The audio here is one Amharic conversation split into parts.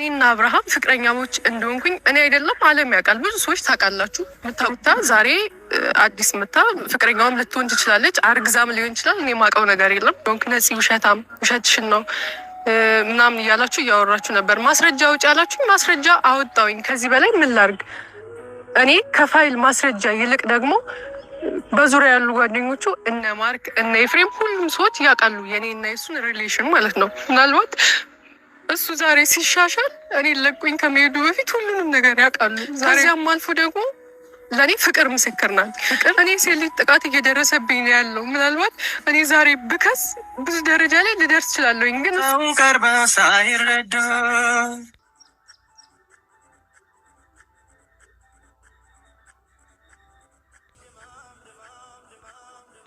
እኔና አብርሃም ፍቅረኛሞች እንደሆንኩኝ እኔ አይደለም ዓለም ያውቃል። ብዙ ሰዎች ታውቃላችሁ። ምታምታ ዛሬ አዲስ ምታ ፍቅረኛውም ልትሆን ትችላለች። አርግዛም ሊሆን ይችላል። እኔ የማውቀው ነገር የለም። ሆንክ ነፂ ውሸታም ውሸትሽን ነው ምናምን እያላችሁ እያወራችሁ ነበር። ማስረጃ ውጭ ያላችሁ ማስረጃ አወጣውኝ። ከዚህ በላይ ምን ላርግ? እኔ ከፋይል ማስረጃ ይልቅ ደግሞ በዙሪያ ያሉ ጓደኞቹ እነ ማርክ እነ ኤፍሬም ሁሉም ሰዎች ያውቃሉ የኔ እና የሱን ሪሌሽን ማለት ነው ምናልባት እሱ ዛሬ ሲሻሻል እኔ ለቁኝ ከመሄዱ በፊት ሁሉንም ነገር ያውቃሉ። ከዚያም አልፎ ደግሞ ለእኔ ፍቅር ምስክር ናት። እኔ ሴት ልጅ ጥቃት እየደረሰብኝ ነው ያለው። ምናልባት እኔ ዛሬ ብከስ ብዙ ደረጃ ላይ ልደርስ ችላለሁኝ ግን ቀርበ ሳይረዳ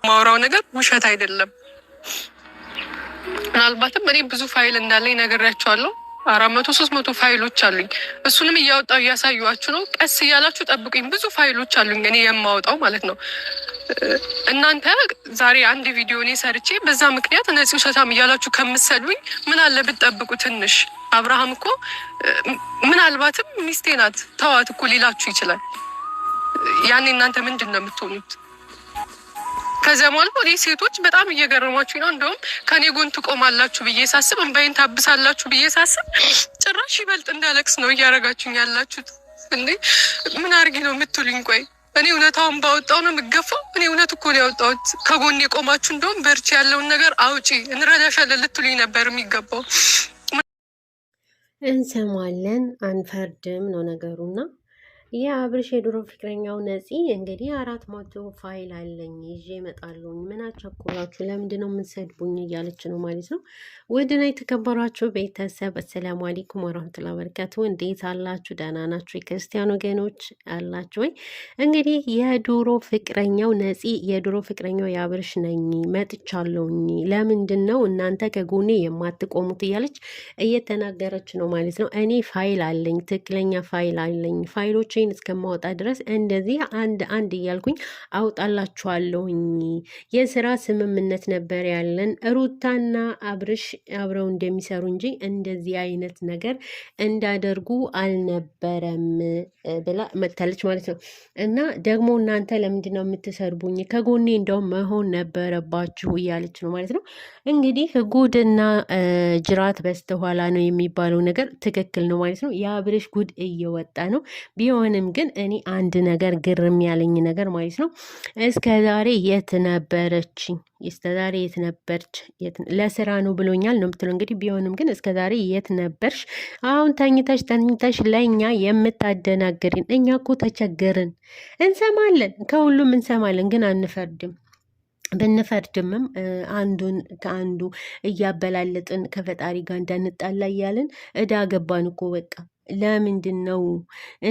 ማውራው ነገር ውሸት አይደለም። ምናልባትም እኔ ብዙ ፋይል እንዳለኝ ነገር አራት መቶ ሶስት መቶ ፋይሎች አሉኝ። እሱንም እያወጣው እያሳዩዋችሁ ነው። ቀስ እያላችሁ ጠብቁኝ። ብዙ ፋይሎች አሉኝ እኔ የማወጣው ማለት ነው። እናንተ ዛሬ አንድ ቪዲዮ እኔ ሰርቼ በዛ ምክንያት እነዚህ ውሸታም እያላችሁ ከምሰሉኝ ምን አለ ብትጠብቁ ትንሽ። አብርሃም እኮ ምናልባትም ሚስቴ ናት ተዋት እኮ ሊላችሁ ይችላል። ያኔ እናንተ ምንድን ነው የምትሆኑት? ከዚያም አልፎ እኔ ሴቶች በጣም እየገረማችሁ ነው። እንደውም ከኔ ጎን ትቆማላችሁ ብዬ ሳስብ፣ እንባይን ታብሳላችሁ ብዬ ሳስብ፣ ጭራሽ ይበልጥ እንዳለቅስ ነው እያረጋችሁኝ ያላችሁት። እንዴ ምን አርጊ ነው የምትሉኝ? ቆይ እኔ እውነታውን ባወጣው ነው የምገፋው። እኔ እውነት እኮ ነው ያወጣሁት። ከጎን የቆማችሁ እንደውም በርቺ፣ ያለውን ነገር አውጪ፣ እንረዳሻለን ልትሉኝ ነበር የሚገባው። እንሰማለን አንፈርድም ነው ነገሩና የአብርሽ የድሮ ፍቅረኛው ነፂ እንግዲህ አራት መቶ ፋይል አለኝ ይዤ እመጣለሁ፣ ምን አቸኮላችሁ? ለምንድን ነው የምንሰድቡኝ? እያለች ነው ማለት ነው። ውድና የተከበሯችሁ ቤተሰብ አሰላሙ አለይኩም ወራህመቱላ ወበረካቱ፣ እንዴት አላችሁ? ደህና ናችሁ? የክርስቲያን ወገኖች አላችሁ ወይ? እንግዲህ የድሮ ፍቅረኛው ነፂ የድሮ ፍቅረኛው የአብርሽ ነኝ መጥቻለሁኝ፣ ለምንድን ነው እናንተ ከጎኔ የማትቆሙት? እያለች እየተናገረች ነው ማለት ነው። እኔ ፋይል አለኝ፣ ትክክለኛ ፋይል አለኝ ፋይሎች ጥፍሬን እስከማወጣ ድረስ እንደዚህ አንድ አንድ እያልኩኝ አውጣላችኋለሁኝ። የስራ ስምምነት ነበር ያለን ሩታና አብርሽ አብረው እንደሚሰሩ እንጂ እንደዚህ አይነት ነገር እንዳደርጉ አልነበረም ብላ መታለች ማለት ነው። እና ደግሞ እናንተ ለምንድን ነው የምትሰርቡኝ? ከጎኔ እንደውም መሆን ነበረባችሁ እያለች ነው ማለት ነው። እንግዲህ ጉድና ጅራት በስተኋላ ነው የሚባለው ነገር ትክክል ነው ማለት ነው። የአብርሽ ጉድ እየወጣ ነው ቢሆን ቢሆንም ግን እኔ አንድ ነገር ግርም ያለኝ ነገር ማለት ነው እስከ ዛሬ የት ነበረችኝ? እስከ ዛሬ የት ነበርች? ለስራ ነው ብሎኛል ነው ምትለው እንግዲህ። ቢሆንም ግን እስከ ዛሬ የት ነበርሽ? አሁን ተኝተሽ ተኝተሽ ለእኛ የምታደናግሪን። እኛ እኮ ተቸገርን። እንሰማለን፣ ከሁሉም እንሰማለን፣ ግን አንፈርድም ብንፈርድምም አንዱን ከአንዱ እያበላለጥን ከፈጣሪ ጋር እንዳንጣላ እያልን እዳ ገባን እኮ በቃ። ለምንድን ነው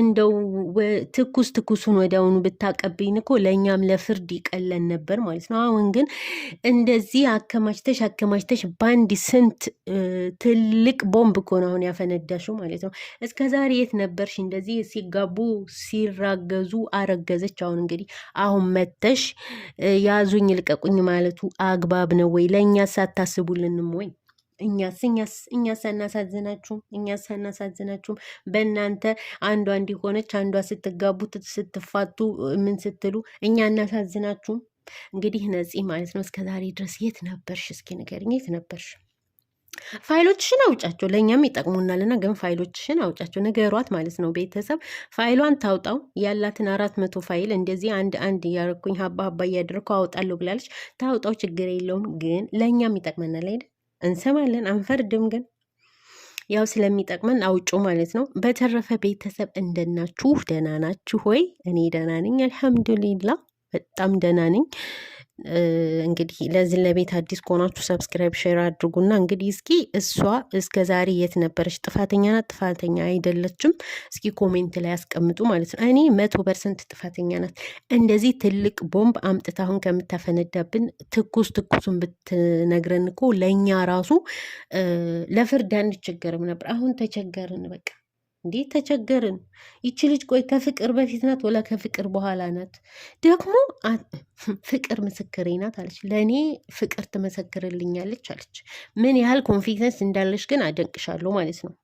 እንደው ትኩስ ትኩሱን ወዲያውኑ ብታቀብኝ እኮ ለእኛም ለፍርድ ይቀለን ነበር ማለት ነው። አሁን ግን እንደዚህ አከማችተሽ አከማችተሽ በአንድ ስንት ትልቅ ቦምብ እኮ ነው አሁን ያፈነዳሽው ማለት ነው። እስከ ዛሬ የት ነበርሽ? እንደዚህ ሲጋቡ ሲራገዙ አረገዘች። አሁን እንግዲህ አሁን መተሽ ያዙኝ ልቀቁኝ ማለቱ አግባብ ነው ወይ? ለእኛ ሳታስቡልንም ወይ እኛስ እኛስ እኛስ አናሳዝናችሁም? እኛስ አናሳዝናችሁም? በእናንተ አንዷ እንዲሆነች አንዷ ስትጋቡ ስትፋቱ ምን ስትሉ እኛ አናሳዝናችሁም? እንግዲህ ነፂ ማለት ነው። እስከዛሬ ድረስ የት ነበርሽ? እስኪ ንገሪኝ፣ የት ነበርሽ? ፋይሎችሽን አውጫቸው፣ ለእኛም ይጠቅሙናልና፣ ግን ፋይሎችሽን አውጫቸው፣ ንገሯት ማለት ነው። ቤተሰብ ፋይሏን ታውጣው። ያላትን አራት መቶ ፋይል እንደዚህ አንድ አንድ እያረኩኝ ሀባ ሀባ እያደረኩ አውጣለሁ ብላለች። ታውጣው፣ ችግር የለውም ግን ለእኛም ይጠቅመናል አይደል? እንሰማለን፣ አንፈርድም። ግን ያው ስለሚጠቅመን አውጩ ማለት ነው። በተረፈ ቤተሰብ እንደናችሁ ደህና ናችሁ ወይ? እኔ ደህና ነኝ፣ አልሐምዱሊላ በጣም ደህና ነኝ። እንግዲህ ለዚህ ለቤት አዲስ ከሆናችሁ ሰብስክራይብ ሼር አድርጉና፣ እንግዲህ እስኪ እሷ እስከ ዛሬ የት ነበረች? ጥፋተኛ ናት? ጥፋተኛ አይደለችም? እስኪ ኮሜንት ላይ ያስቀምጡ ማለት ነው። እኔ መቶ ፐርሰንት ጥፋተኛ ናት። እንደዚህ ትልቅ ቦምብ አምጥታ አሁን ከምታፈነዳብን ትኩስ ትኩሱን ብትነግረን እኮ ለእኛ ራሱ ለፍርድ አንቸገርም ነበር። አሁን ተቸገርን በቃ። እንዴት ተቸገርን? ይቺ ልጅ ቆይ ከፍቅር በፊት ናት ወላ ከፍቅር በኋላ ናት? ደግሞ ፍቅር ምስክሬ ናት አለች። ለእኔ ፍቅር ትመሰክርልኛለች አለች። ምን ያህል ኮንፊደንስ እንዳለች ግን አደንቅሻለሁ ማለት ነው።